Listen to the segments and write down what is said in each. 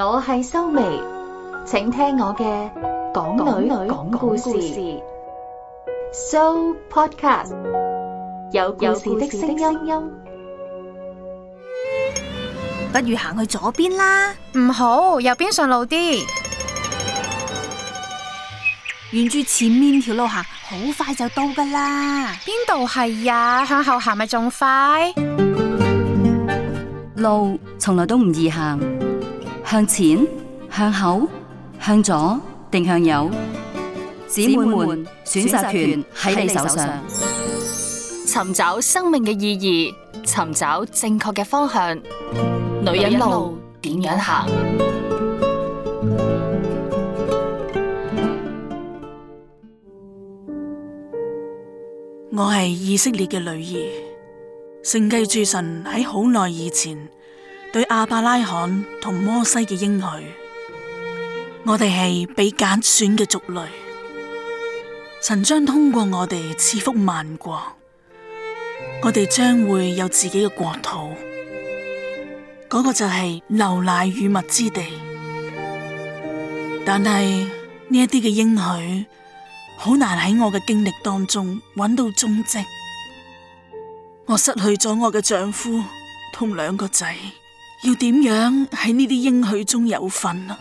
我係修眉，請聽我嘅港女女講故事，So Podcast 有故事的聲音，不如行去左邊啦。唔好，右邊順路啲，沿住前面條路行，好快就到噶啦。邊度係呀？向後行咪仲快？路從來都唔易行。向前，向後，向左定向右，姊妹們選擇權喺你手上。尋找生命嘅意義，尋找正確嘅方向，女人路點樣行？我係以色列嘅女兒，承繼住神喺好耐以前，對亞伯拉罕同摩西嘅應許，我哋係被揀選嘅族類，神將通過我哋賜福萬國，我哋將會有自己嘅國土，嗰、那個就係流奶與蜜之地。但係呢一啲嘅應許，好難喺我嘅經歷當中揾到蹤跡。我失去咗我嘅丈夫同兩個仔。要點樣喺呢啲應許中有份啊？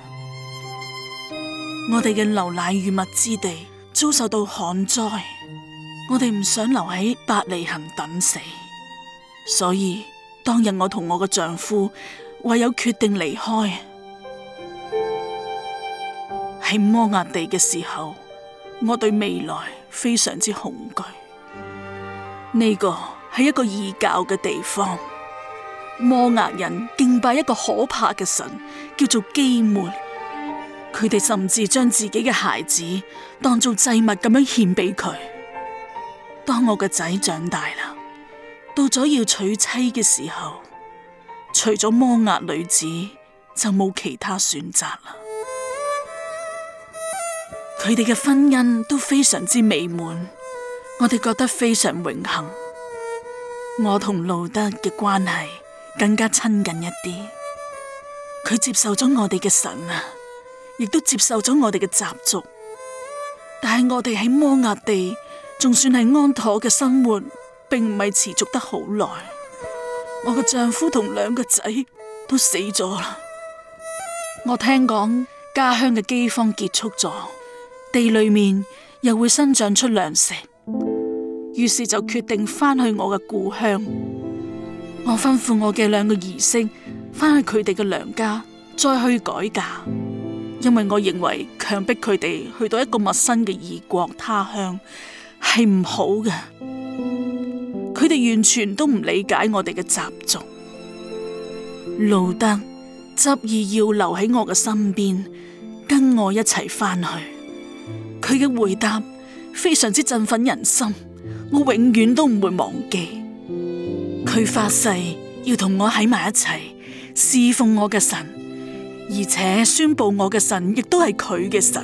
我哋嘅牛奶與蜜之地遭受到旱災，我哋唔想留喺伯利恆等死，所以當日我同我嘅丈夫唯有決定離開，喺摩押地嘅時候，我對未來非常之恐懼。呢、這個係一個異教嘅地方。摩押人敬拜一個可怕嘅神，叫做基抹。佢哋甚至將自己嘅孩子當做祭物咁樣獻俾佢。當我個仔長大啦，到咗要娶妻嘅時候，除咗摩押女子就冇其他選擇啦。佢哋嘅婚姻都非常之美滿，我哋覺得非常榮幸。我同路德嘅關係。更加親近一啲，佢接受咗我哋嘅神啊，亦都接受咗我哋嘅習俗。但係我哋喺摩押地仲算係安妥嘅生活，並唔係持續得好耐。我個丈夫同兩個仔都死咗啦。我聽講家鄉嘅饑荒結束咗，地裏面又會生長出糧食，於是就決定翻去我嘅故鄉。我吩咐我嘅兩個兒媳翻去佢哋嘅娘家，再去改嫁，因為我認為強迫佢哋去到一個陌生嘅異國他鄉係唔好嘅。佢哋完全都唔理解我哋嘅習俗。路德執意要留喺我嘅身邊，跟我一齊翻去。佢嘅回答非常之振奮人心，我永遠都唔會忘記。佢發誓要同我喺埋一齊，侍奉我嘅神，而且宣布我嘅神亦都係佢嘅神。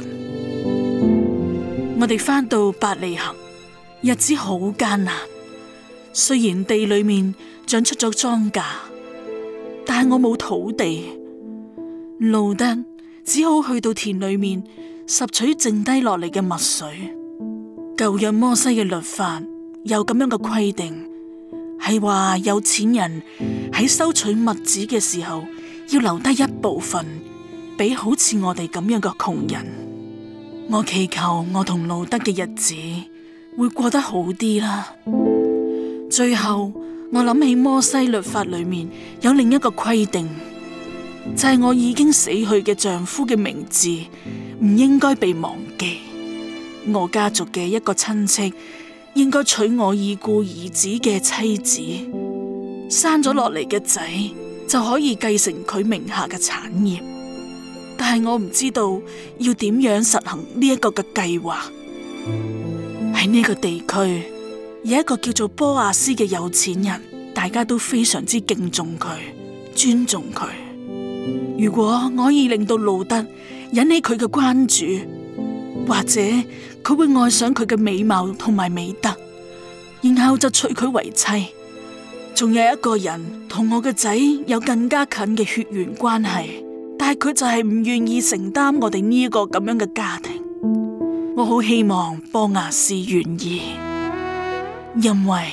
我哋翻到伯利恆，日子好艱難。雖然地裏面長出咗莊稼，但係我冇土地，路得只好去到田裏面拾取剩低落嚟嘅麥穗。舊日摩西嘅律法有咁樣嘅規定。係話有錢人喺收取物資嘅時候，要留低一部分俾好似我哋咁樣嘅窮人。我祈求我同路德嘅日子會過得好啲啦。最後，我諗起摩西律法裏面有另一個規定，就係我已經死去嘅丈夫嘅名字唔應該被忘記。我家族嘅一個親戚。應該娶我已故兒子嘅妻子，生咗落嚟嘅仔就可以繼承佢名下嘅產業。但係我唔知道要點樣實行呢一個嘅計劃。喺呢個地區，有一個叫做波亞斯嘅有錢人，大家都非常之敬重佢，尊重佢。如果我可以令到路德引起佢嘅關注。或者佢會愛上佢嘅美貌同埋美德，然後就娶佢為妻。仲有一個人同我嘅仔有更加近嘅血緣關係，但係佢就係唔願意承擔我哋呢個咁樣嘅家庭。我好希望波雅士願意，因為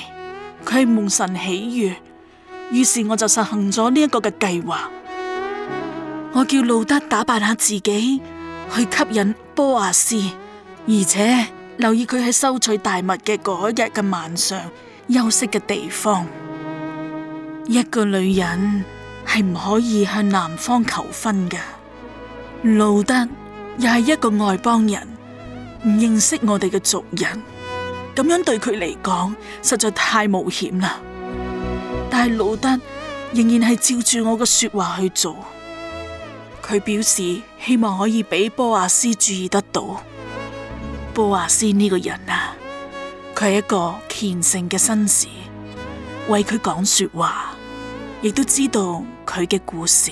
佢係蒙神喜悅。於是我就實行咗呢一個嘅計劃。我叫路德打扮下自己。去吸引波亞斯，而且留意佢喺收取大物嘅嗰日嘅晚上休息嘅地方。一個女人係唔可以向男方求婚嘅。路德又係一個外邦人，唔認識我哋嘅族人，咁樣對佢嚟講實在太冒險啦。但係路德仍然係照住我嘅說話去做。佢表示希望可以俾波亞斯注意得到。波亞斯呢個人啊，佢係一個虔誠嘅紳士，為佢講說話，亦都知道佢嘅故事。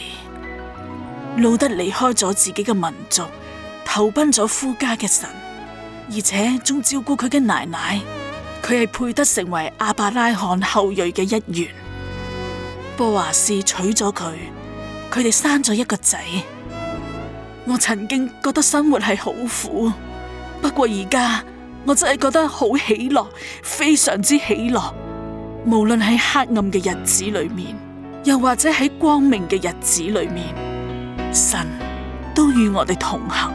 路德離開咗自己嘅民族，投奔咗夫家嘅神，而且仲照顧佢嘅奶奶。佢係配得成為阿伯拉罕後裔嘅一員。波亞斯娶咗佢。佢哋生咗一個仔，我曾經覺得生活係好苦，不過而家我真係覺得好喜樂，非常之喜樂。無論喺黑暗嘅日子裏面，又或者喺光明嘅日子裏面，神都與我哋同行。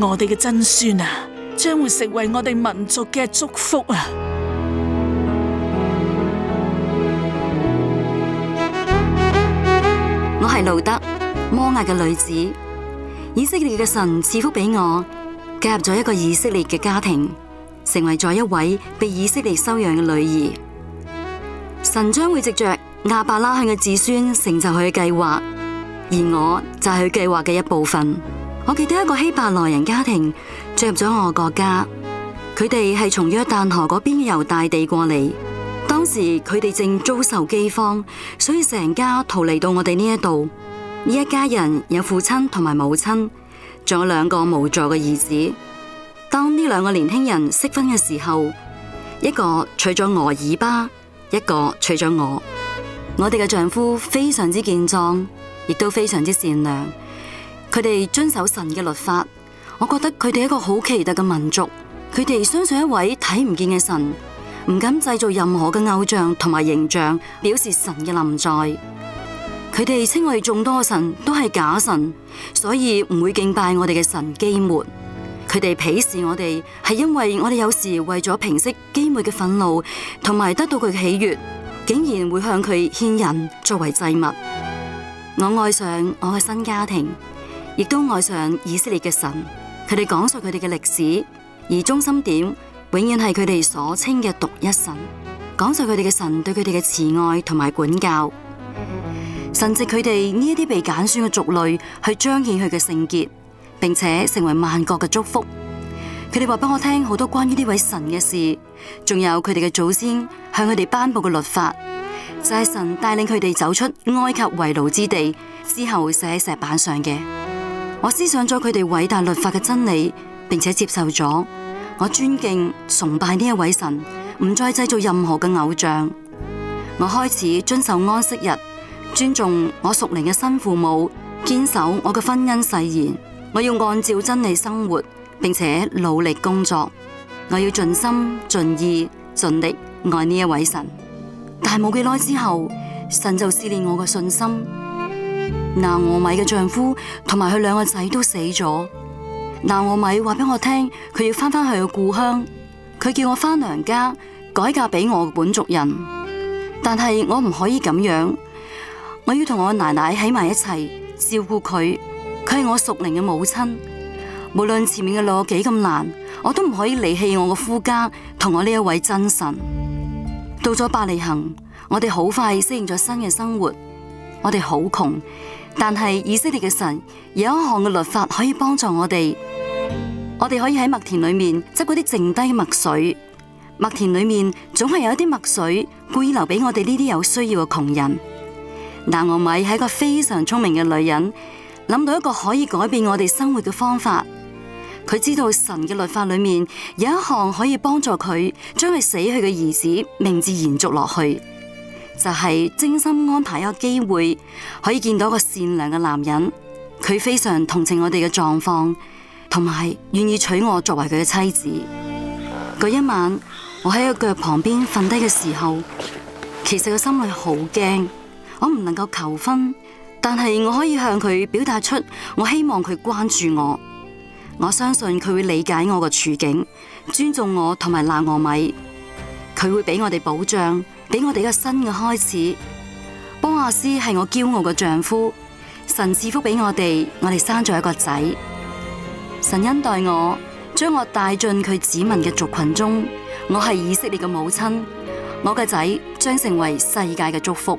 我哋嘅曾孫啊，將會成為我哋民族嘅祝福啊！係路德，摩押嘅女子，以色列嘅神賜福俾我，加入咗一個以色列嘅家庭，成為咗一位被以色列收養嘅女兒。神將會藉着亞伯拉罕嘅子孫成就佢嘅計劃，而我就係佢計劃嘅一部分。我記得一個希伯來人家庭進入咗我國家，佢哋係從約旦河嗰邊由大地過嚟。當時佢哋正遭受饑荒，所以成家逃離到我哋呢一度。呢一家人有父親同埋母親，仲有兩個無助嘅兒子。當呢兩個年輕人適婚嘅時候，一個娶咗俄爾巴，一個娶咗我。我哋嘅丈夫非常之健壯，亦都非常之善良。佢哋遵守神嘅律法，我覺得佢哋係一個好奇特嘅民族。佢哋相信一位睇唔見嘅神。唔敢製造任何嘅偶像同埋形象，表示神嘅臨在。佢哋稱我哋眾多神都係假神，所以唔會敬拜我哋嘅神基抹。佢哋鄙視我哋，係因為我哋有時為咗平息基抹嘅憤怒同埋得到佢嘅喜悅，竟然會向佢獻人作為祭物。我愛上我嘅新家庭，亦都愛上以色列嘅神。佢哋講述佢哋嘅歷史，而中心點。永遠係佢哋所稱嘅獨一神，講述佢哋嘅神對佢哋嘅慈愛同埋管教。神藉佢哋呢一啲被揀選嘅族類，去彰顯佢嘅聖潔，並且成為萬國嘅祝福。佢哋話俾我聽好多關於呢位神嘅事，仲有佢哋嘅祖先向佢哋頒布嘅律法，就係、是、神帶領佢哋走出埃及為奴之地之後寫喺石板上嘅。我思想咗佢哋偉大律法嘅真理，並且接受咗。我尊敬崇拜呢一位神，唔再製造任何嘅偶像。我開始遵守安息日，尊重我屬靈嘅新父母，堅守我嘅婚姻誓言。我要按照真理生活，並且努力工作。我要盡心、盡意、盡力愛呢一位神。但係冇幾耐之後，神就試煉我嘅信心，拿俄米嘅丈夫同埋佢兩個仔都死咗。嗱，米我咪話俾我聽，佢要翻返去個故鄉，佢叫我翻娘家改嫁俾我個本族人。但係我唔可以咁樣，我要同我奶奶喺埋一齊照顧佢，佢係我熟齡嘅母親。無論前面嘅路幾咁難，我都唔可以離棄我個夫家同我呢一位真神。到咗伯利恆，我哋好快適應咗新嘅生活。我哋好窮，但係以色列嘅神有一項嘅律法可以幫助我哋。我哋可以喺麥田裏面執嗰啲剩低嘅麥穗，麥田裏面總係有一啲麥穗，故意留俾我哋呢啲有需要嘅窮人。拿俄米係一個非常聰明嘅女人，諗到一個可以改變我哋生活嘅方法。佢知道神嘅律法裏面有一項可以幫助佢將佢死去嘅兒子名字延續落去，就係、是、精心安排一個機會可以見到一個善良嘅男人，佢非常同情我哋嘅狀況。同埋願意娶我作為佢嘅妻子。嗰一晚，我喺個腳旁邊瞓低嘅時候，其實個心裏好驚。我唔能夠求婚，但係我可以向佢表達出我希望佢關注我。我相信佢會理解我嘅處境，尊重我同埋拿俄米。佢會俾我哋保障，俾我哋一個新嘅開始。波亞斯係我驕傲嘅丈夫。神賜福俾我哋，我哋生咗一個仔。神恩待我，將我帶進佢子民嘅族群中。我係以色列嘅母親，我嘅仔將成為世界嘅祝福。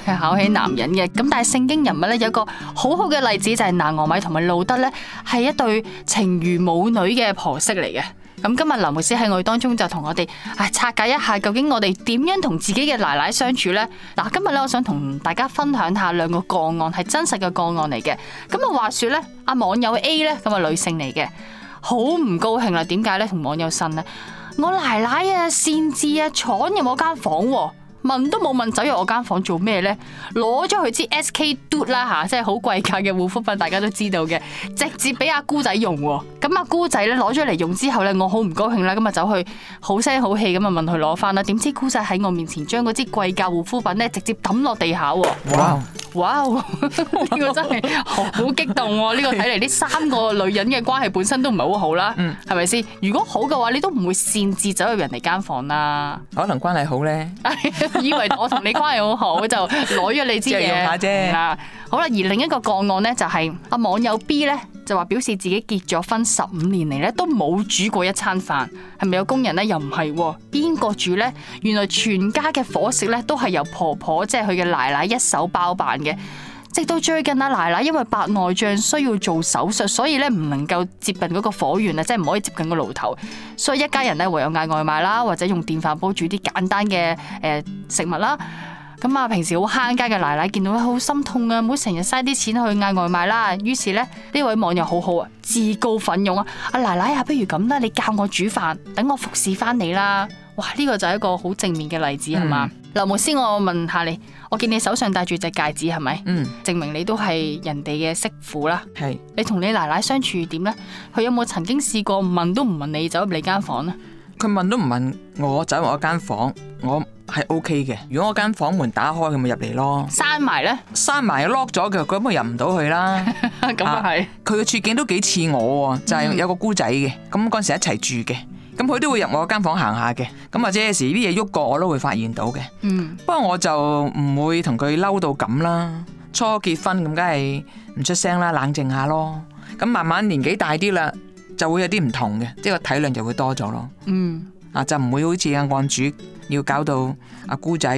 係考起男人嘅，咁但係聖經人物咧有個好好嘅例子就係、是、拿俄米同埋路德咧係一對情如母女嘅婆媳嚟嘅。咁今日劉牧師喺我哋當中就同我哋唉拆解一下究竟我哋點樣同自己嘅奶奶相處咧？嗱，今日咧我想同大家分享下兩個個案係真實嘅個案嚟嘅。咁啊，話說咧，阿網友 A 咧，咁啊女性嚟嘅，好唔高興啦，點解咧？同網友呻呢？我奶奶啊擅自啊闖入我間房間、啊。問都冇問走入我間房做咩咧？攞咗佢支 SK Dud 啦、啊、吓，即係好貴價嘅護膚品，大家都知道嘅，直接俾阿姑仔用喎。咁阿 姑仔咧攞咗嚟用之後咧，我好唔高興啦。咁啊走去好聲好氣咁啊問佢攞翻啦。點知姑仔喺我面前將嗰支貴價護膚品咧直接抌落地下喎！哇哇！呢個真係好激動喎！呢、呢個睇嚟呢三個女人嘅關係本身都唔係好好啦，係咪先？如果好嘅話，你都唔會擅自走入人哋間房啦。 可能關係好咧。 以為我同你關係好好， 就攞咗你支嘢。啫，好啦。而另一個個案呢，就是，就係阿網友 B 呢，就話表示自己結咗婚十五年嚟呢，都冇煮過一餐飯。係咪有工人呢？又唔係喎。邊個煮呢？原來全家嘅伙食呢，都係由婆婆，即係佢嘅奶奶一手包辦嘅。直到最近阿奶奶因為白內障需要做手術，所以咧唔能夠接近嗰個火源啊，即係唔可以接近個爐頭，所以一家人咧唯有嗌外賣啦，或者用電飯煲煮啲簡單嘅誒食物啦。咁啊，平時好慳家嘅奶奶見到咧好心痛啊，唔好成日嘥啲錢去嗌外賣啦。於是咧呢位網友好好啊，自告奮勇啊，阿奶奶啊，不如咁啦，你教我煮飯，等我服侍翻你啦。哇，呢個就係一個好正面嘅例子係嘛？嗯劉牧師，我問下你，我見你手上戴住隻戒指係咪？嗯，證明你都係人哋嘅媳婦啦。係，你同你奶奶相處點咧？佢有冇曾經試過問都唔問你走入你間房咧？佢問都唔問我，我走入我間房，我係 OK 嘅。如果我間房門打開，佢咪入嚟咯。閂埋咧？閂埋 lock 咗佢，咁佢入唔到去啦。咁 啊係，佢嘅處境都幾似我喎，就係有個姑仔嘅，咁嗰陣時一齊住嘅。咁佢都會入我間房行下嘅，咁或者有時啲嘢喐過我都會發現到嘅。嗯，不過我就唔會同佢嬲到咁啦。初結婚咁梗係唔出聲啦，冷靜下咯。咁慢慢年紀大啲啦，就會有啲唔同嘅，即係個體諒就會多咗咯。嗯，啊就唔會好似咁按主。要搞到阿姑仔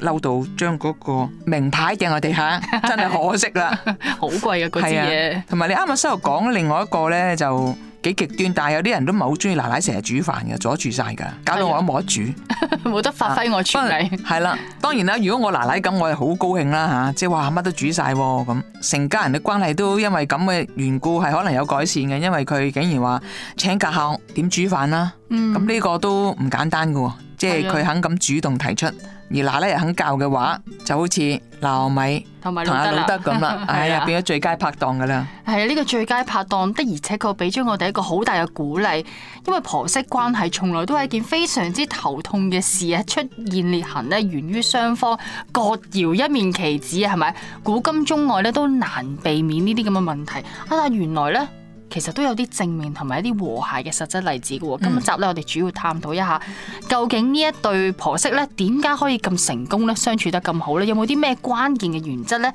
嬲到，將嗰個名牌掟落地下，真係可惜啦。好貴啊！嗰支嘢同埋你啱啱先又講另外一個咧，就幾極端。但係有啲人都唔係好中意奶奶成日煮飯嘅，阻住曬㗎，搞到我冇得煮，冇得發揮我廚藝。係啦，當然啦，如果我奶奶咁，我係好高興啦嚇，即係話乜都煮曬咁，成家人嘅關係都因為咁嘅緣故係可能有改善嘅，因為佢竟然話請教下我點煮飯啦。咁呢個都唔簡單嘅喎。即係佢肯咁主動提出，而嗱嗱又肯教嘅話，就好似嗱米同阿老德咁啦，哎呀， 變咗最佳拍檔噶啦。係啊，呢個最佳拍檔的，而且確俾咗我哋一個好大嘅鼓勵。因為婆媳關係從來都係一件非常之頭痛嘅事啊！出現裂痕呢，源於雙方各搖一面旗子啊，係咪？古今中外咧都難避免呢啲咁嘅問題啊！但原來呢。其實都有啲正面同埋一啲和諧嘅實質例子嘅喎。哦，今集咧我哋主要探討一下，究竟呢一對婆媳咧點解可以咁成功咧，相處得咁好咧，有冇啲咩關鍵嘅原則咧？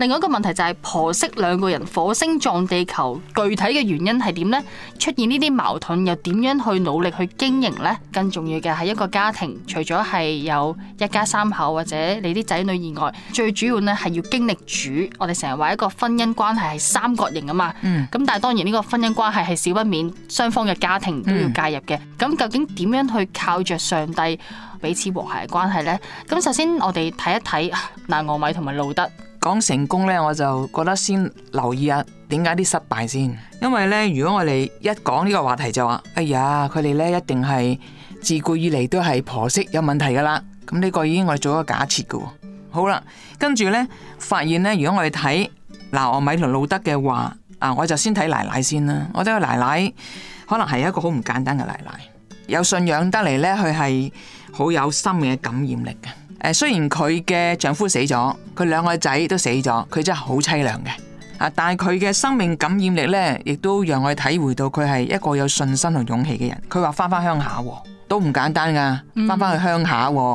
另外一個問題就係婆媳兩個人火星撞地球，具體嘅原因係點呢？出現呢啲矛盾又點樣去努力去經營呢？更重要嘅係一個家庭，除咗係有一家三口或者你啲仔女以外，最主要呢係要經歷主。我哋成日話一個婚姻關係係三角形啊嘛，咁、嗯、但係當然呢個婚姻關係係少不免雙方嘅家庭都要介入嘅。咁、嗯、究竟點樣去靠著上帝彼此和諧嘅關係呢？咁首先我哋睇一睇拿俄米同埋路德。講成功呢，我就覺得先留意下點解啲失敗先。因為呢，如果我哋一講呢個話題就話，哎呀，佢哋呢一定係自古以嚟都係婆媳有問題噶啦。咁呢個已經我哋做一個假設噶。好啦，跟住呢，發現呢，如果我哋睇，嗱、啊、我米倫路德嘅話，嗱、啊、我就先睇奶奶先啦。我覺得個奶奶可能係一個好唔簡單嘅奶奶，有信仰得嚟呢，佢係好有生命嘅感染力嘅。誒，雖然佢嘅丈夫死咗，佢兩個仔都死咗，佢真係好淒涼嘅啊！但係佢嘅生命感染力咧，亦都讓我哋體會到佢係一個有信心同勇氣嘅人。佢話翻翻鄉下，都唔簡單噶，翻翻去鄉下。係、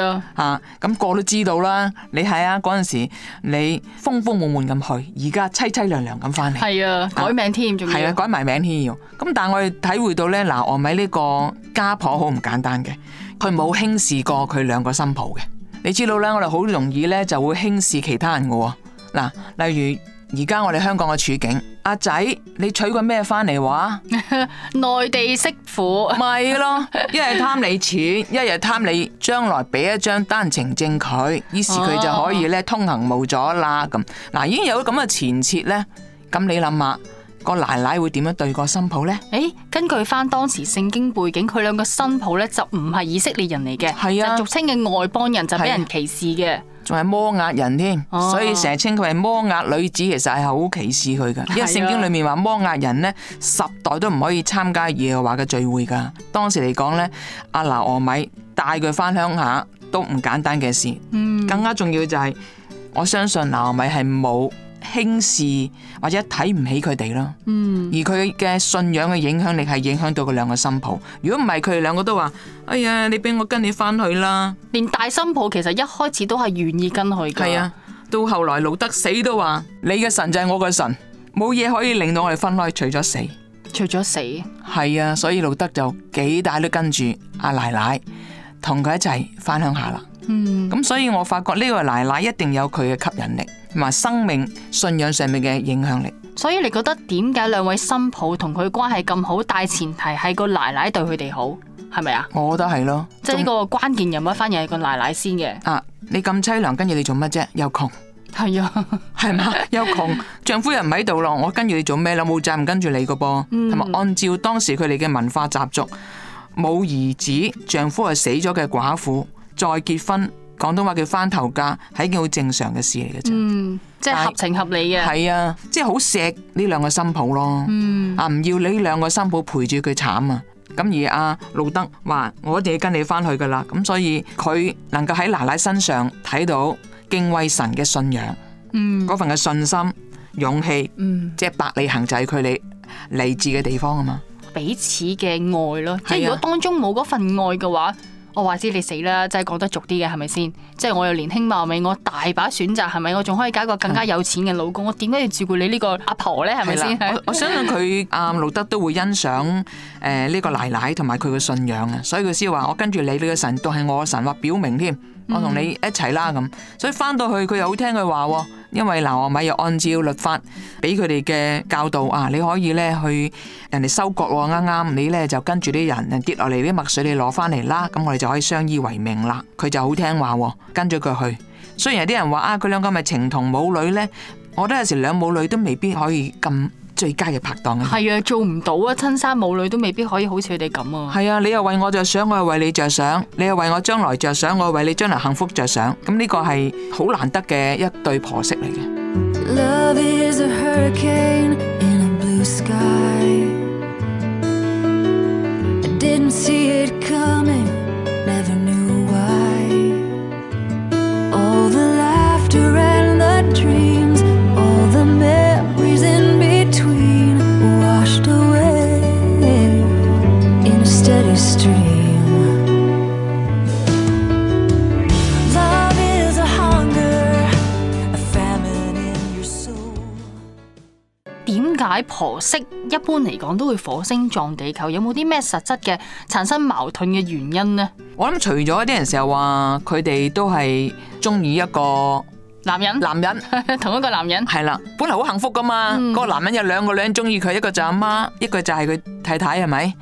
嗯、啊，吓咁、啊啊個個都知道啦。你係啊，嗰陣時你風風滿滿咁去，而家淒淒涼涼咁翻嚟。係啊，改名添仲要。係啊，啊，改埋名添要。咁但係我哋體會到咧，嗱、啊，阿米呢個家婆好唔簡單嘅。佢冇輕視過佢兩個新抱嘅，你知道咧，我哋好容易咧就會輕視其他人嘅喎。嗱，例如而家我哋香港嘅處境，阿仔你娶個咩翻嚟話？內 地媳婦咪咯，一係貪你錢，一日貪你將來俾一張單程證佢，於是佢就可以咧通行無阻啦。咁嗱、啊，已經有咁嘅前設咧，咁你諗下。個奶奶會點樣對個新抱呢？誒、欸，根據翻當時聖經背景，佢兩個新抱呢就唔係以色列人嚟嘅，係、啊、俗稱嘅外邦人就俾人歧視嘅，仲係、啊、摩押人添，啊、所以成日稱佢係摩押女子，其實係好歧視佢嘅。因為聖經裏面話摩押人呢，十代都唔可以參加耶和華嘅聚會噶。當時嚟講呢，阿拿俄米帶佢翻鄉下都唔簡單嘅事，嗯、更加重要就係我相信拿俄米係冇輕視或者睇唔起佢哋咯，嗯、而佢嘅信仰嘅影響力係影響到佢兩個新抱。如果唔係，佢哋兩個都話：哎呀，你俾我跟你翻去啦。連大新抱其實一開始都係願意跟佢。係啊，到後來路德死都話：你嘅神就係我嘅神，冇嘢可以令到我哋分開，除咗死。除咗死？係啊，所以路德就幾大都跟住阿奶奶同佢一齊翻鄉下啦。嗯，咁所以我發覺呢個奶奶一定有佢嘅吸引力，同埋生命信仰上面嘅影響力。所以你覺得點解兩位新抱同佢關係咁好？大前提係個奶奶對佢哋好，係咪啊？我覺得係咯，即係呢個關鍵人物，反而係個奶奶先嘅啊。你咁淒涼，跟住你做乜啫？又窮，係啊，係嘛？又窮，丈夫又唔喺度咯，我跟住你做咩咧？冇責任跟住你噶噃，同埋、嗯、按照當時佢哋嘅文化習俗，冇兒子，丈夫係死咗嘅寡婦。再結婚，廣東話叫翻頭嫁，係一件好正常嘅事嚟嘅啫。嗯，即係合情合理嘅。係啊，即係好錫呢兩個新抱咯。嗯。啊，唔要你呢兩個新抱陪住佢慘啊！咁而阿路德話：我哋要跟你翻去噶啦。咁所以佢能夠喺奶奶身上睇到敬畏神嘅信仰，嗯，嗰份嘅信心、勇氣，嗯，即係伯利恆就係佢嚟嚟自嘅地方啊嘛。彼此嘅愛咯，即係如果當中冇嗰份愛嘅話。我話知你死啦，真係講得俗啲嘅係咪先？即係我又年輕貌美，我大把選擇，係咪？我仲可以搞一個更加有錢嘅老公，的我點解要照顧你個呢個阿婆咧？係咪先？我我相信佢阿路得都會欣賞誒呢個奶奶同埋佢嘅信仰啊，所以佢先話我跟住你呢個神，都係我神話表明添。我同你一齊啦，咁，所以翻到去佢又好聽佢話，因為嗱，我咪又按照律法俾佢哋嘅教導啊，你可以咧去人哋收割啱啱，你咧就跟住啲人，人跌落嚟啲墨水你攞翻嚟啦，咁我哋就可以相依為命啦。佢就好聽話，跟住佢去。雖然有啲人話啊，佢兩個咪情同母女呢？我覺得有時兩母女都未必可以咁。最佳嘅拍檔啊！係啊，做唔到啊，親生母女都未必可以好似佢哋咁啊！係啊，你又為我着想，我又為你着想，你又為我將來着想，我係為你將來幸福着想，咁呢個係好難得嘅一對婆媳嚟嘅。婆媳一般嚟講都會火星撞地球，有冇啲咩實質嘅產生矛盾嘅原因呢？我諗除咗一啲人成日話佢哋都係中意一個男人，男人同一個男人係啦，本來好幸福噶嘛，嗰、嗯、個男人有兩個女人中意佢，一個就阿媽，一個就係佢太太，係咪？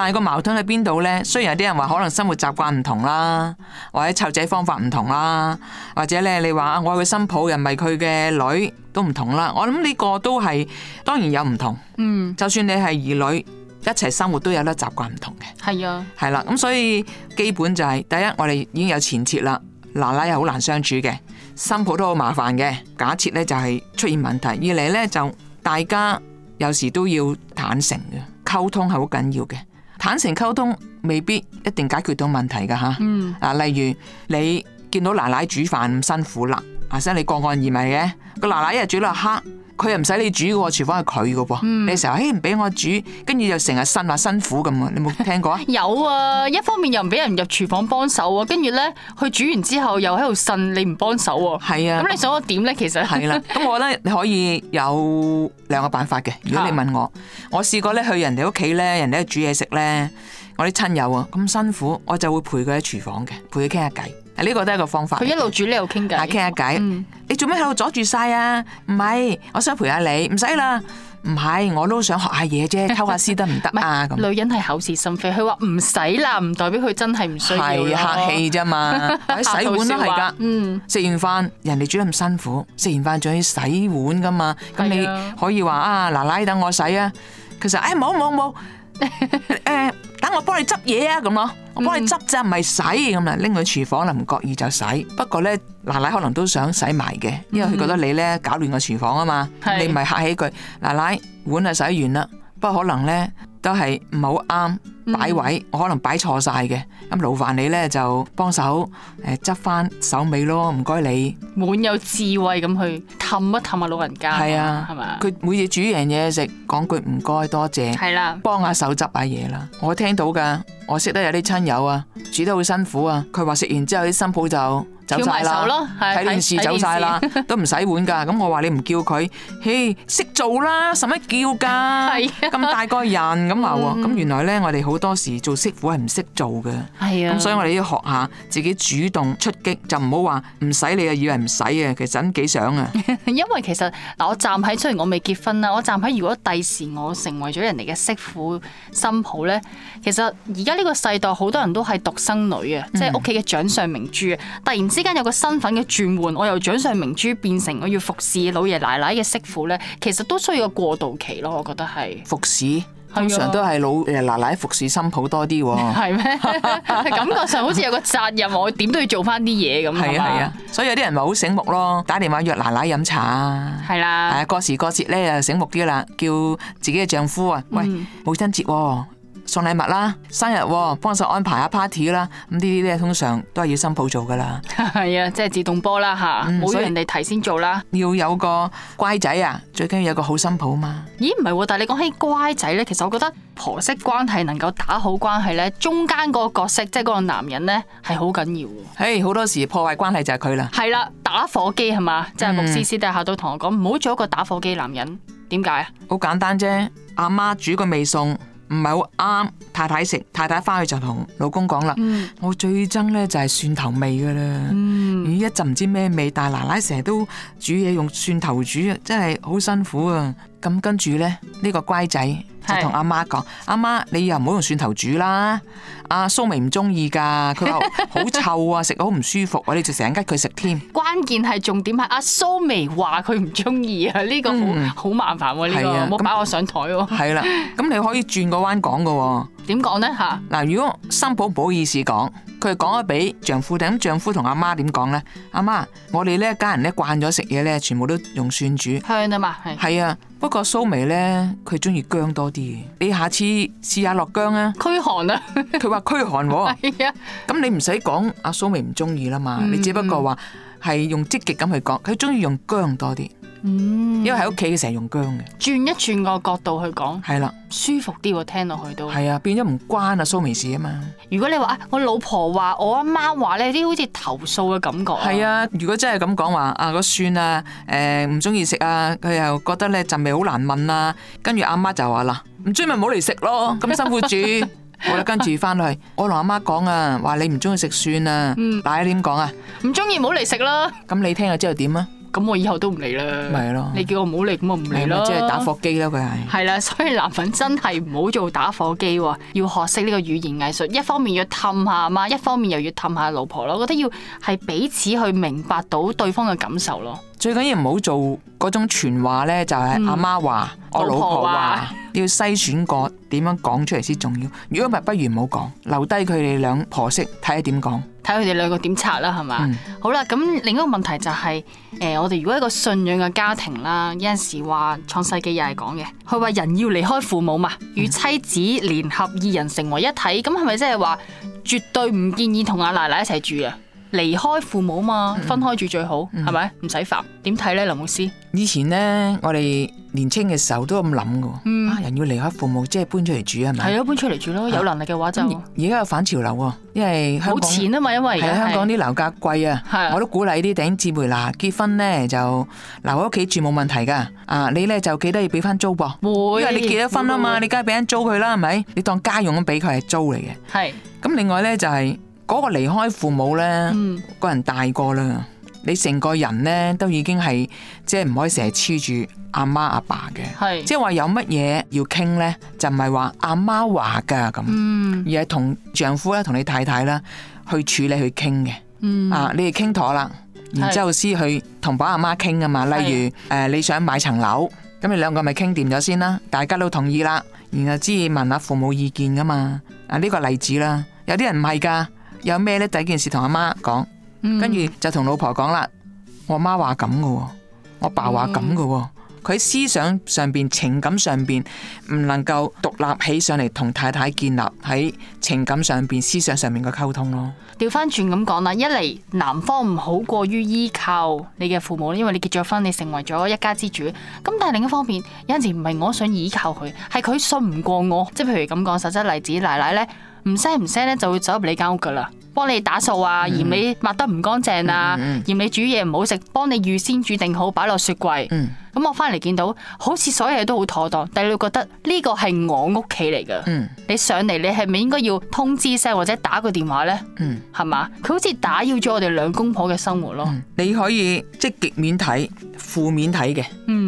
但係個矛盾喺邊度呢？雖然有啲人話可能生活習慣唔同啦，或者湊仔方法唔同啦，或者咧你話啊，我係佢新抱，又唔係佢嘅女，都唔同啦。我諗呢個都係當然有唔同，嗯，就算你係兒女一齊生活都有得習慣唔同嘅，係啊，係啦。咁所以基本就係、是、第一，我哋已經有前設啦，奶奶又好難相處嘅，新抱都好麻煩嘅。假設呢就係出現問題，二嚟呢，就大家有時都要坦誠嘅溝通係好緊要嘅。坦誠溝通未必一定解決到問題㗎吓，啊、嗯，例如你見到奶奶煮飯咁辛苦啦，或者你個案而咪嘅，個奶奶一日煮到黑。佢又唔使你煮嘅喎，廚房係佢嘅噃。嗯、你成日嘿唔俾我煮，跟住就成日呻話辛苦咁啊！你冇聽過啊？ 有啊！一方面又唔俾人入廚房幫手喎，跟住咧佢煮完之後又喺度呻，你唔幫手喎。係啊！咁你想我點咧？其實係啦、啊。咁、啊、 我覺得你可以有兩個辦法嘅。如果你問我，我試過咧去人哋屋企咧，人哋喺煮嘢食咧，我啲親友啊咁辛苦，我就會陪佢喺廚房嘅，陪佢傾下偈。呢、這個都係一個方法。佢一路煮，你又傾偈，傾下偈。嗯你做咩喺度阻住晒啊？唔係，我想陪下你，唔使啦。唔係，我都想學下嘢啫，偷下師得唔得啊？咁女人係口是心非，佢話唔使啦，唔代表佢真係唔需要。係客氣啫嘛，洗碗都係噶。嗯，食完飯，人哋煮得咁辛苦，食完飯仲要洗碗噶嘛？咁你可以話啊，奶奶等我洗啊。其實誒，冇冇冇誒。等我幫你執嘢啊，咁咯，我幫你執咋，唔係洗咁啦，拎、嗯、去廚房啦，唔覺意就洗。不過咧，奶奶可能都想洗埋嘅，因為佢覺得你咧搞亂個廚房啊嘛，嗯、你唔係客氣一句，奶奶碗啊洗完啦，不過可能咧都係唔好啱。擺位我可能擺錯曬嘅，咁勞煩你咧就幫手誒執翻手尾咯，唔該你。滿有智慧咁去氹一氹啊老人家。係啊，係嘛？佢每日煮樣嘢食，講句唔該多謝。係啦，幫下手執下嘢啦。我聽到噶，我識得有啲親友啊，煮得好辛苦啊。佢話食完之後啲新抱就走曬啦，睇電視走曬啦，都唔洗碗噶。咁我話你唔叫佢，嘿識做啦，使乜叫噶？係啊，咁大個人咁話喎，咁原來咧我哋好。多時做媳婦係唔識做嘅。係啊，咁所以我哋要學下自己主動出擊，就唔好話唔使你啊，以為唔使啊，其實真幾想啊。 因為其實嗱，我站喺雖然我未結婚啦，我站喺如果第時我成為咗人哋嘅媳婦、新抱咧，其實而家呢個世代好多人都係獨生女啊，即係屋企嘅掌上明珠啊。突然之間有個身份嘅轉換，我由掌上明珠變成我要服侍老爺奶奶嘅媳婦咧，其實都需要個過渡期咯。我覺得係服侍，通常都係老誒奶奶服侍新抱多啲喎，係咩是嗎？ 感覺上好似有個責任， 我點都要做翻啲嘢咁。係啊係吧啊，所以有啲人咪好醒目咯，打電話約奶奶飲茶啊，係啦，係啊，過時過節咧又醒目啲啦，叫自己嘅丈夫啊，喂，母親節喎、啊。嗯送禮物啦，生日幫、啊、手安排下 party 啦，咁呢啲咧通常都係要新抱做噶啦。係啊，即係自動波啦吓，冇、嗯、人哋提先做啦。要有個乖仔啊，最緊要有個好新抱嘛。咦，唔係喎，但係你講起乖仔咧，其實我覺得婆媳關係能夠打好關係咧，中間個角色即係嗰個男人咧係好緊要。嘿，好多時破壞關係就係佢啦。係 啦，打火機係嘛，即係牧師私底下都同我講，唔好做一個打火機男人。點解、嗯、啊？好簡單啫，阿媽煮個味餸。 唔係好啱太太食，太太翻去就同老公講啦。嗯、我最憎咧就係蒜頭味㗎啦。嗯一陣唔知咩味，但係奶奶成日都煮嘢用蒜頭煮，真係好辛苦啊！咁跟住咧，呢、這個乖仔就同阿媽講：阿是媽，媽，你又唔好用蒜頭煮啦！阿蘇眉唔中意噶，佢話好臭啊，食好唔舒服啊！你就成日拮佢食添。關鍵係重點係阿蘇眉話佢唔中意啊！呢、這個好好、嗯、麻煩喎、啊，呢、這個冇擺、啊、我上台喎。係啦、啊，咁你可以轉個彎講噶。點講呢？吓嗱？如果新抱唔好意思講，佢講咗俾丈夫，等丈夫同阿媽點講呢？阿媽，我哋呢一家人咧慣咗食嘢咧，全部都用蒜煮香啊嘛，係啊。不過蘇眉呢，佢中意薑多啲。你下次試下落薑啊，驅寒啊。佢話驅寒喎，哦。係啊。咁你唔使講阿蘇眉唔中意啦嘛。 你只不過話係用積極咁去講，佢中意用薑多啲。嗯，因為喺屋企嘅成日用薑嘅，轉一轉個角度去講，係啦了，舒服啲，聽落去都係啊，變咗唔關阿蘇味事啊嘛。如果你話啊，我老婆話，我阿媽話咧，啲好似投訴嘅感覺。係啊，如果真係咁講話啊，個蒜、呃、啊，誒，唔中意食啊，佢又覺得咧陣味好難聞啊。跟住阿媽就話啦，唔中意咪唔好嚟食咯，咁辛苦煮。 我跟住翻去，我同阿媽講啊，話你唔中意食蒜啊，大家點講啊？唔中意唔好嚟食咯。咁你聽咗之後點啦？咁我以後都唔嚟啦，係咯，你叫我唔好嚟，咁我唔嚟咯。即係、就是、打火機咯，佢係係啦，所以男人真係唔好做打火機，要學識呢個語言藝術。一方面要氹下阿媽，一方面又要氹下老婆咯。我覺得要係彼此去明白到對方嘅感受咯。最緊要唔好做嗰種傳話咧、嗯，就係阿媽話，我老婆話，要篩選過點 樣講出嚟先重要。如果唔係，不如唔好講，留低佢哋兩婆媳睇下點講。看看睇佢哋兩個點拆啦，係嘛？嗯、好啦，咁另一個問題就係、是，誒、呃，我哋如果一個信仰嘅家庭啦，有陣時話創世紀又係講嘅，佢話人要離開父母嘛，與妻子連合二人成為一體，咁係咪即係話絕對唔建議同阿奶奶一齊住啊？離開父母嘛，分開住最好，係咪？唔使煩。點睇咧，林牧師？以前咧，我哋年青嘅時候都咁諗嘅。人要離開父母，即係搬出嚟住，係咪？係啊，搬出嚟住咯，有能力嘅話就。而家有反潮流啊，因為冇錢啊嘛，因為香港啲樓價貴啊，我都鼓勵啲頂姊妹嗱，結婚咧就留喺屋企住冇問題噶。啊，你咧就記得要俾翻租噃，會。因為你結咗婚啦嘛，你梗係俾人租佢啦，係咪？你當家用咁俾佢係租嚟嘅。係。咁另外咧就係。嗰個離開父母咧，嗯、個人大個啦，你成個人咧都已經係即係唔可以成日黐住阿媽阿爸嘅，即係話有乜嘢要傾咧，就唔係話阿媽話噶，咁，而係同丈夫咧同你太太啦去處理去傾嘅、嗯、啊。你哋傾妥啦，然之後先去同爸阿媽傾噶嘛。是例如誒、呃，你想買層樓咁，你兩個咪傾掂咗先啦，大家都同意啦，然後先至問下父母意見噶嘛。啊、呢、這個例子啦，有啲人唔係噶。有咩咧？第一件事同阿媽講，嗯、跟住就同老婆講啦。我媽話咁噶，我爸話咁噶。佢、嗯、思想上邊、情感上邊唔能夠獨立起上嚟，同太太建立喺情感上邊、思想上面嘅溝通咯。調翻轉咁講啦，一嚟男方唔好過於依靠你嘅父母，因為你結咗婚，你成為咗一家之主。咁但係另一方面，有陣時唔係我想依靠佢，係佢信唔過我。即係譬如咁講，實質例子奶奶咧。唔聲唔聲咧，就會走入你間屋噶啦，幫你打掃啊，嫌你抹得唔乾淨啊，嫌你煮嘢唔好食，幫你預先煮定好，擺落雪櫃。咁我翻嚟，見到好似所有嘢都好妥當，但係你會覺得呢個係我屋企嚟噶。你上嚟，你係咪應該要通知聲或者打個電話呢？係嘛？佢好似打擾咗我哋兩公婆嘅生活咯。你可以積極面睇、負面睇嘅。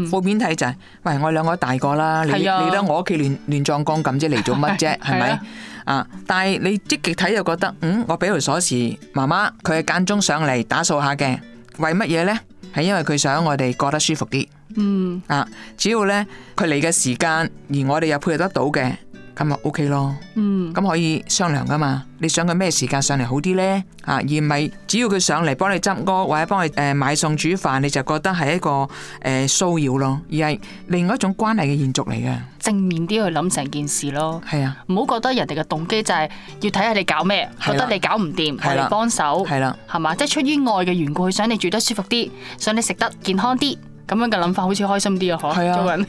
負面睇就係，喂，我兩個大個啦，你你得我屋企亂亂撞光咁，即嚟做乜啫？係咪？啊！但係你積極睇又覺得，嗯，我俾條鎖匙媽媽，佢係間中上嚟打掃下嘅，為乜嘢呢？係因為佢想我哋過得舒服啲。嗯，啊，只要呢，佢嚟嘅時間，而我哋又配合得到嘅。咁咪 OK 咯，咁可以商量噶嘛？你想佢咩時間上嚟好啲咧？啊，而唔係只要佢上嚟幫你執屋或者幫你誒買餸煮飯，你就覺得係一個誒騷擾咯，而係另外一種關係嘅延續嚟嘅。正面啲去諗成件事咯，係啊，唔好覺得人哋嘅動機就係要睇下你搞咩，覺得你搞唔掂，嚟幫手，係啦，係嘛，即係出於愛嘅緣故，想你住得舒服啲，想你食得健康啲，咁樣嘅諗法好似開心啲啊，嗬，做人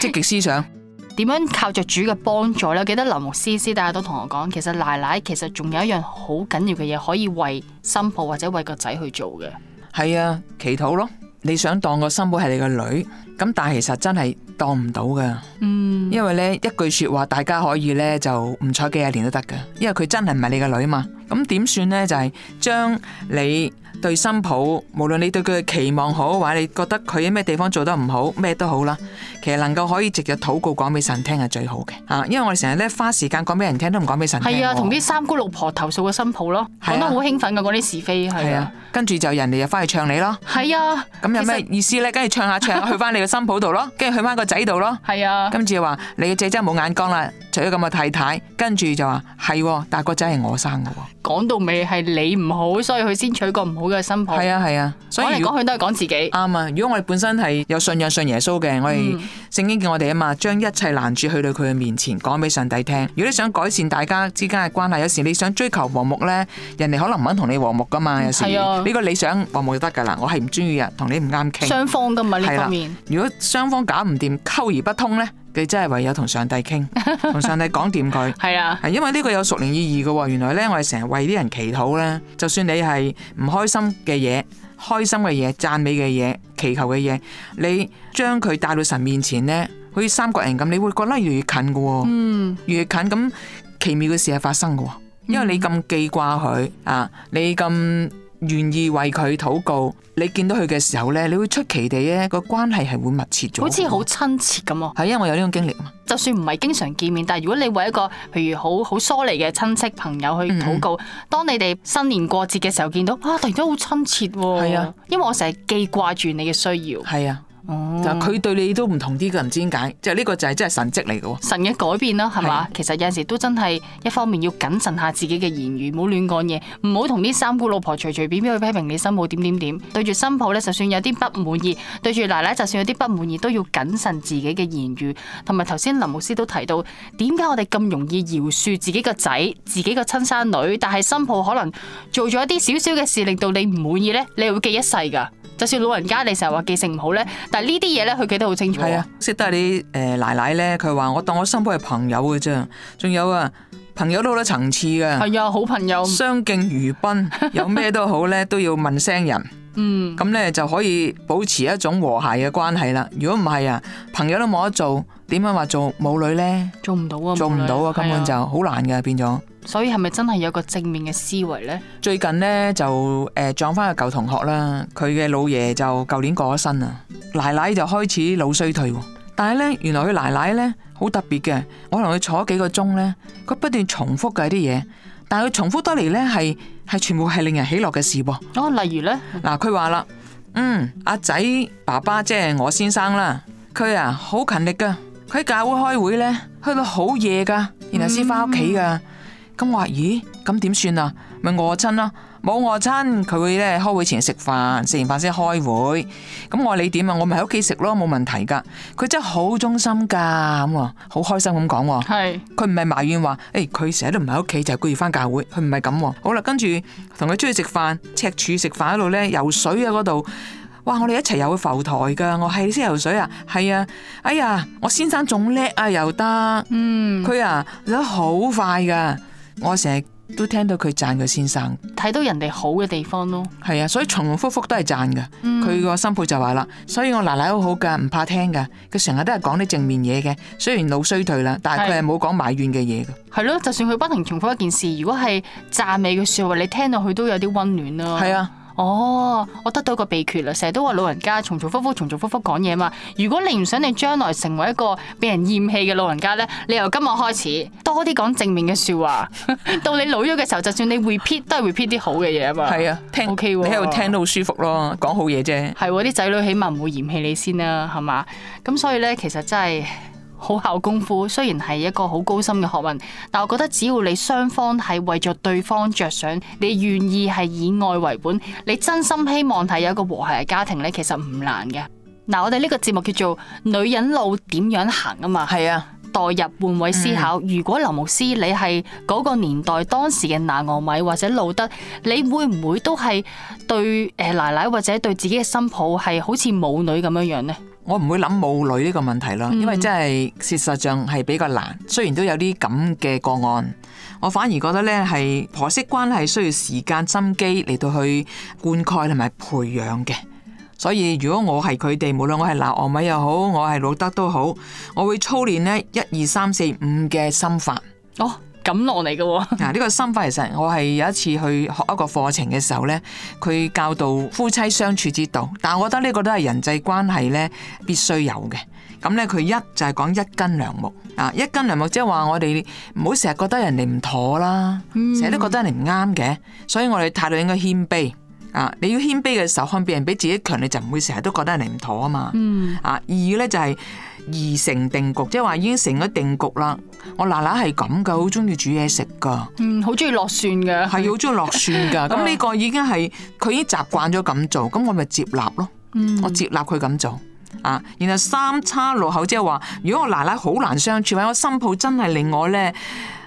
積極思想。點樣靠着主嘅幫助咧？記得林牧師，師大家都同我講，其實奶奶其實仲有一樣好緊要嘅嘢，可以為新抱或者為個仔去做嘅。係啊，祈禱咯。你想當個新抱係你個女，咁但係其實真係當唔到噶。嗯。因為咧一句說話，大家可以咧就唔睬幾廿年都得噶。因為佢真係唔係你個女嘛。咁點算咧？就係將你對新抱，無論你對佢嘅期望好，或者你覺得佢喺咩地方做得唔好，咩都好啦。其實能夠可以直接禱告講俾神聽係最好嘅啊，因為我哋成日咧花時間講俾人聽都唔講俾神聽。係啊，同啲三姑六婆投訴個新抱咯，講得好興奮噶，嗰啲是非係啊。跟住就人哋又翻去唱你咯。係啊。咁有咩意思咧？跟住唱下唱下，去翻你個新抱度咯，跟住去翻個仔度咯。係啊。跟住話你個仔真係冇眼光啦，娶咗咁嘅太太，跟住就話係，但係個仔係我生噶。講到尾係你唔好，所以佢先娶個唔好嘅新抱。係啊係啊，講嚟講去都係講自己。啱啊，如果我哋本身係有信仰信耶穌嘅，我哋。聖經叫我哋啊嘛，將一切難處去到佢嘅面前，講俾上帝聽。如果你想改善大家之間嘅關係，有時你想追求和睦咧，人哋可能唔肯同你和睦噶嘛。有時呢的個理想和睦就得噶啦，我係唔中意啊，同你唔啱傾。雙方噶嘛呢方面。如果雙方搞唔掂，溝而不通咧，你真係唯有同上帝傾，同上帝講掂佢。係啊 的，因為呢個有屬靈意義噶。原來咧，我係成日為啲人祈禱咧，就算你係唔開心嘅嘢。開心嘅嘢、讚美嘅嘢、祈求嘅嘢，你將佢帶到神面前呢，好似三角形咁，你會覺得越嚟越近噶，嗯、越近咁奇妙嘅事係發生噶，因為你咁記掛佢啊，你咁。願意為佢禱告，你見到佢嘅時候咧，你會出奇地咧個關係係會密切咗，好似好親切咁喎。係因為我有呢種經歷嘛。就算唔係經常見面，但係如果你為一個譬如好好疏離嘅親戚朋友去禱告，嗯嗯當你哋新年過節嘅時候見到，啊，突然都好親切喎。係啊，因為我成日記掛住你嘅需要。係啊。就佢，嗯、對你都唔同啲嘅，唔知點解，即係呢個就係真係神蹟嚟嘅。神嘅改變啦，係嘛？是其實有陣時都真係一方面要謹慎下自己嘅言語，唔好亂講嘢，唔好同啲三姑老婆隨隨便便去批評你新抱點點點。對住新抱咧，就算有啲不滿意，對住奶奶就算有啲不滿意，都要謹慎自己嘅言語。同埋頭先林牧師都提到，點解我哋咁容易饒恕自己個仔、自己個親生女，但係新抱可能做咗一啲小小嘅事，令到你唔滿意咧，你會記一世噶。就算老人家你成日話記性唔好咧，但係呢啲嘢咧，佢記得好清楚。係啊，識得你誒奶奶咧，佢、呃、話，我當我心抱係朋友嘅啫。仲有啊，朋友都好多層次噶。係啊，好朋友。 相敬如賓，有咩都好咧，都要問聲人。 嗯。咁咧就可以保持一種和諧嘅關係啦。如果唔係啊，朋友都冇得做，點樣話做母女咧？做唔到啊！做唔到啊！根本就好、啊、難嘅，變咗。所以係咪真係有個正面嘅思維呢？最近呢，就誒撞翻個舊同學啦，佢嘅老爺就舊年過咗身啊，奶奶就開始老衰退。但係呢，原來佢奶奶呢，好特別嘅，我同佢坐咗幾個鐘呢，佢不斷重複嘅啲嘢，但係佢重複得嚟呢，係係全部係令人喜樂嘅事。哦，例如呢，嗱，佢話啦，嗯，阿仔爸爸即係、就是、我先生啦，佢啊好勤力噶，佢喺教會開會呢，去到好夜噶，然後先翻屋企噶。咁我話：咦，咁點算啊？咪餓親咯，冇餓親佢會咧。開會前食飯，食完飯先開會。咁我你點啊？我咪喺屋企食咯，冇問題噶。佢真係好忠心噶，咁好開心咁講。係佢唔係埋怨話，誒佢成日都唔喺屋企，就係故意返教會。佢唔係咁喎。好啦，跟住同佢出去食飯，赤柱食飯喺度咧游水啊！嗰度哇，我哋一齊游浮台噶。我係先游水啊，係啊。哎呀，我先生仲叻啊，游得嗯佢啊你得好快噶。我成日都聽到佢讚佢先生，睇到人哋好嘅地方咯。係啊，所以重複覆覆都係讚㗎。佢個新抱就話啦，所以我奶奶好好㗎，唔怕聽㗎。佢成日都係講啲正面嘢嘅。雖然腦衰退啦，但係佢係冇講埋怨嘅嘢㗎。係咯，啊，就算佢不停重複一件事，如果係讚美嘅說話，你聽到佢都有啲温暖咯。係啊。哦，我得到個秘訣啦！成日都話老人家重重復復、重重復復講嘢嘛。如果你唔想你將來成為一個俾人嫌棄嘅老人家咧，你由今日開始多啲講正面嘅説話， 到你老咗嘅時候，就算你 repeat 都係 repeat 啲好嘅嘢嘛。係啊聽，OK、哦、你喺度聽都好舒服咯，講好嘢啫。係喎、哦，啲仔女起碼唔會嫌棄你先啦、啊，係嘛？咁所以咧，其實真係。好效功夫，雖然係一個好高深嘅學問，但我覺得只要你雙方係為著對方着想，你願意係以愛為本，你真心希望係有一個和諧嘅家庭咧，其實唔難嘅。嗱、啊，我哋呢個節目叫做《女人路點樣行》啊嘛，係啊，代入換位思考，嗯、如果劉牧師你係嗰個年代當時嘅拿俄米或者路德，你會唔會都係對誒奶奶或者對自己嘅新抱係好似母女咁樣樣咧？我唔會諗母女呢個問題咯，因為真係事實上係比較難。雖然都有啲咁嘅個案，我反而覺得呢係婆媳關係需要時間、心機嚟到去灌溉同埋培養嘅。所以如果我係佢哋，無論我係鬧阿米又好，我係老得都好，我會操練呢一二三四五嘅心法。哦。咁落嚟嘅喎，嗱呢、哦啊呢個心法其實我係有一次去學一個課程嘅時候呢，佢教導夫妻相處之道，但係我覺得呢個都係人際關係呢必須有嘅。咁呢，佢一就係、是、講一根良木啊，一根良木即係話我哋唔好成日覺得人哋唔妥啦，成日、嗯、都覺得人哋唔啱嘅，所以我哋態度應該謙卑啊。你要謙卑嘅時候，看別人比自己強，你就唔會成日都覺得人哋唔妥啊嘛。啊二呢，就係、是。二成定局，即係話已經成咗定局啦。我奶奶係咁噶，好中意煮嘢食噶，嗯，好中意落蒜噶，係好中意落蒜噶。咁呢 個已經係佢已經習慣咗咁做，咁我咪接納咯。我接納佢咁做、嗯、啊。然後三叉路口，即係話，如果我奶奶好難相處，或我心抱真係令我咧。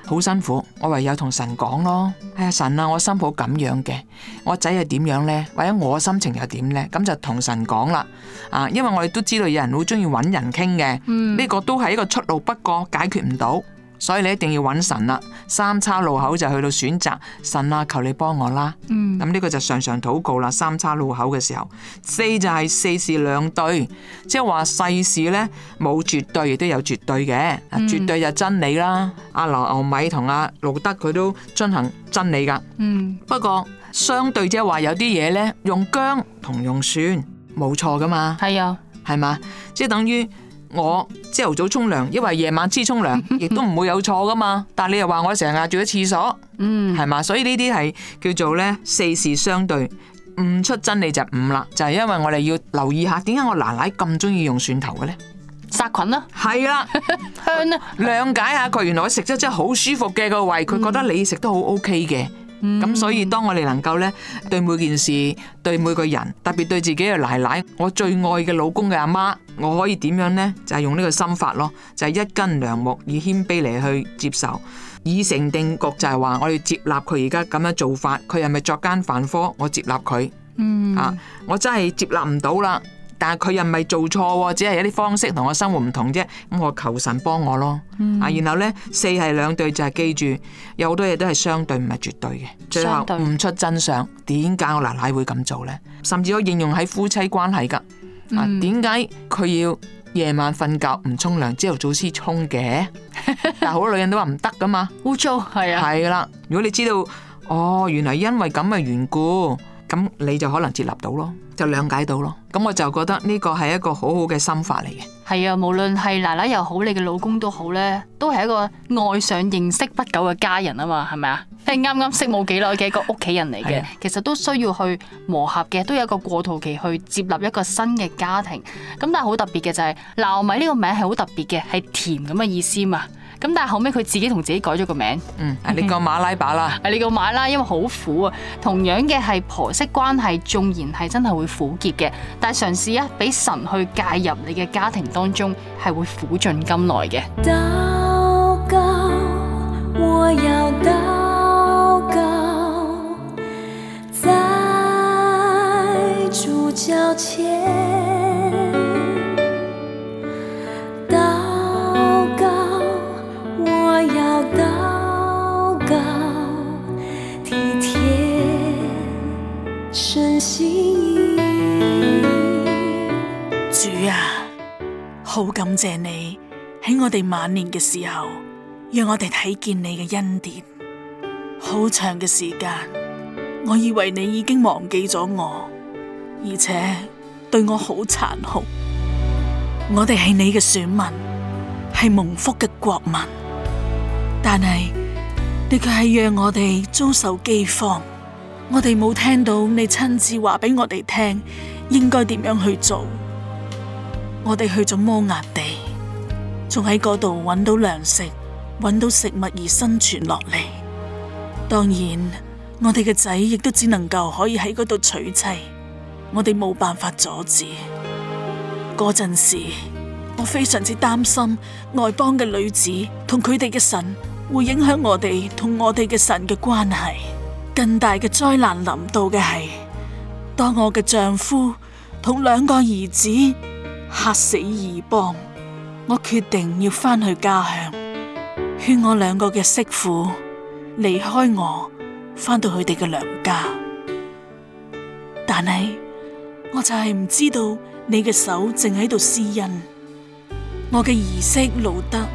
好辛苦，我唯有同神講咯。哎呀神啊，我心抱咁樣嘅，我仔又點樣呢？或者我心情又點呢？咁就同神講啦。啊，因為我哋都知道有人好中意揾人傾嘅，呢、嗯、個都係一個出路，不過解決唔到。所以你一定要揾神啦，三叉路口就去到選擇神啦、啊，求你幫我啦。咁呢、嗯、個就常常禱告啦，三叉路口嘅時候。四就係四事兩對，即係話世事咧冇絕對，亦都有絕對嘅。嗯、絕對就真理啦。阿、啊、羅牛米同阿路德佢都遵行真理噶。嗯、不過相對即係話有啲嘢咧，用薑同用蒜冇錯噶嘛。係啊呀。係嘛？即係等於。我朝頭早沖涼，因為夜晚黐沖涼，亦都唔會有錯噶嘛。但係你又話我成日住喺廁所，係嘛、嗯？所以呢啲係叫做咧四事相對，悟出真理就悟啦。就係、是、因為我哋要留意下，點解我奶奶咁中意用蒜頭嘅咧？殺菌啦，係啦，香啊。諒的 解下佢。原來食咗真係好舒服嘅個胃，佢覺得你食得好 OK 嘅。咁、嗯、所以，當我哋能夠呢對每件事、對每個人，特別對自己嘅奶奶，我最愛嘅老公嘅阿媽，我可以點樣呢？就係、是、用呢個心法咯，就係、是、一根梁木以謙卑嚟去接受，以成定局就係話我哋接納佢而家咁樣做法，佢係咪作奸犯科？我接納佢，嗯、啊，我真係接納唔到啦。但係佢又唔係做錯喎，只係有啲方式同我生活唔同啫。咁我求神幫我咯。啊，然後咧四係兩對就係記住，有好多嘢都係相對唔係絕對嘅。最後悟出真相，點解我奶奶會咁做咧？甚至我應用喺夫妻關係噶。啊，點解佢要夜晚瞓覺唔沖涼，朝頭早先沖嘅？但係好多女人都話唔得噶嘛，污糟係啊。係啦，如果你知道，哦，原來因為咁嘅緣故。咁你就可能接納到咯，就諒解到咯。咁我就覺得呢個係一個好好嘅心法嚟嘅。係啊，無論係奶奶又好，你嘅老公都好咧，都係一個愛上認識不久嘅家人啊嘛，係咪 啊？即係啱啱識冇幾耐嘅一個屋企人嚟嘅，其實都需要去磨合嘅，都有一個過渡期去接納一個新嘅家庭。咁但係好特別嘅就係、是、糯米呢個名係好特別嘅，係甜咁嘅意思啊嘛。咁但係後尾佢自己同自己改咗個名，嗯，你講馬拉把啦，啊，你講馬啦，因為好苦啊。同樣嘅係婆媳關係，縱然係真係會苦澀嘅，但係嘗試啊，俾神去介入你嘅家庭當中，係會苦盡甘來嘅。主啊，好感謝你喺我哋晚年嘅時候，讓我哋睇見你嘅恩典。好長嘅時間，我以為你已經忘記咗我，而且對我好殘酷。我哋係你嘅選民，係蒙福嘅國民，但係你卻係讓我哋遭受饑荒。我哋冇聽到你親自話俾我哋聽，應該點樣去做？我哋去咗摩押地，仲喺嗰度揾到糧食，揾到食物而生存落嚟。當然，我哋嘅仔亦都只能夠可以喺嗰度娶妻。我哋冇辦法阻止。嗰陣時，我非常之擔心外邦嘅女子同佢哋嘅神會影響我哋同我哋嘅神嘅關係。更大嘅災難臨到嘅係，當我嘅丈夫同兩個兒子吓死而亡，我決定要翻去家鄉，勸我兩個嘅媳婦離開我，翻到佢哋嘅娘家。但係我就係唔知道你嘅手正喺度施恩，我嘅兒媳路得，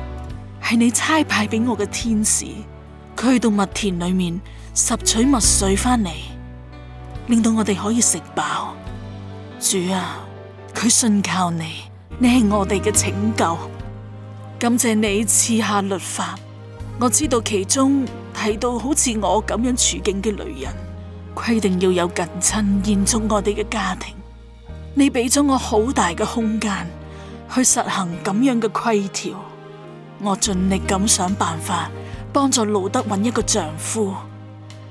係你差派俾我嘅天使，佢去到麥田裏面。拾取麥穗翻嚟，令到我哋可以食飽。主啊，佢信靠你，你係我哋嘅拯救。感謝你賜下律法，我知道其中提到好似我咁樣處境嘅女人，規定要有近親延續我哋嘅家庭。你俾咗我好大嘅空間去實行咁樣嘅規條。我盡力咁想辦法幫助路得揾一個丈夫。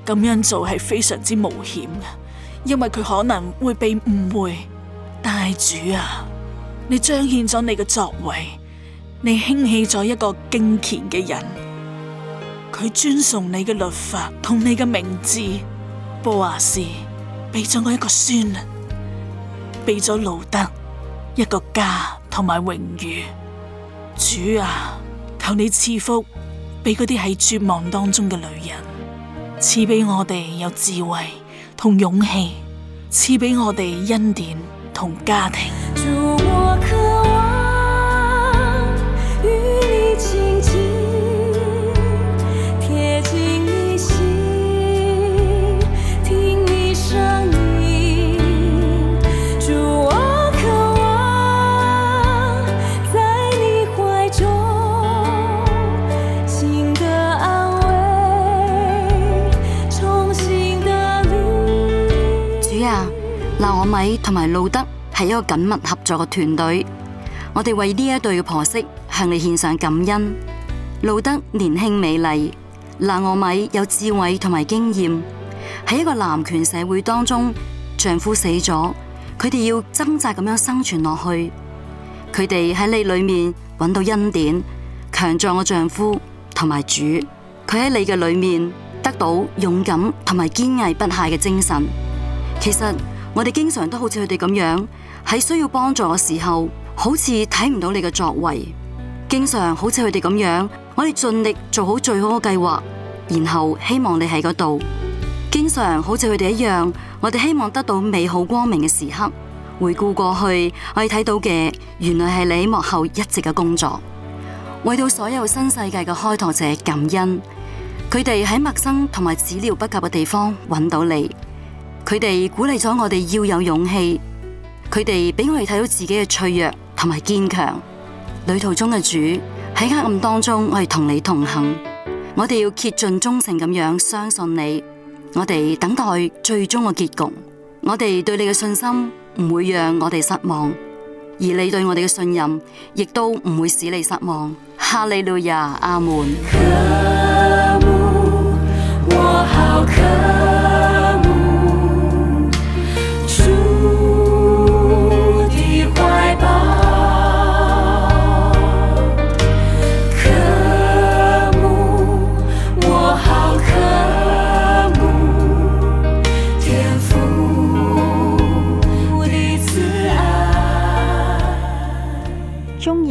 咁樣做係非常之冒險嘅，因為佢可能會被誤會。但主啊，你彰顯咗你嘅作為，你興起咗一個敬虔嘅人，佢尊崇你嘅律法同你嘅名字。波亞士俾咗我一個孫，俾咗路德一個家同埋榮譽。主啊，求你賜福俾嗰啲喺絕望當中嘅女人。賜俾我哋有智慧同勇氣，賜俾我哋恩典同家庭。係一個緊密合作嘅團隊，我哋為呢一對嘅婆媳向你獻上感恩。路德年輕美麗，拿俄米有智慧同埋經驗。喺一個男權社會當中，丈夫死咗，佢哋要掙扎咁樣生存落去。佢哋喺你裏面揾到恩典，強壯嘅丈夫同埋主，佢喺你嘅裏面得到勇敢同埋堅毅不懈嘅精神。其實我哋經常都好似佢哋咁樣。喺需要幫助嘅時候，好似睇唔到你嘅作為，經常好似佢哋咁樣，我哋盡力做好最好嘅計劃，然後希望你喺嗰度。經常好似佢哋一樣，我哋希望得到美好光明嘅時刻。回顧過去，我哋睇到嘅原來係你幕後一直嘅工作，為到所有新世界嘅開拓者感恩。佢哋喺陌生同埋資料不及嘅地方揾到你，佢哋鼓勵咗我哋要有勇氣。佢哋俾我哋睇到自己嘅脆弱同埋堅強，旅途中嘅主喺黑暗當中，我哋同你同行。我哋要竭盡忠誠咁樣相信你，我哋等待最終嘅結局。我哋對你嘅信心唔會讓我哋失望，而你對我哋嘅信任亦都唔會使你失望。哈利路亞，阿門。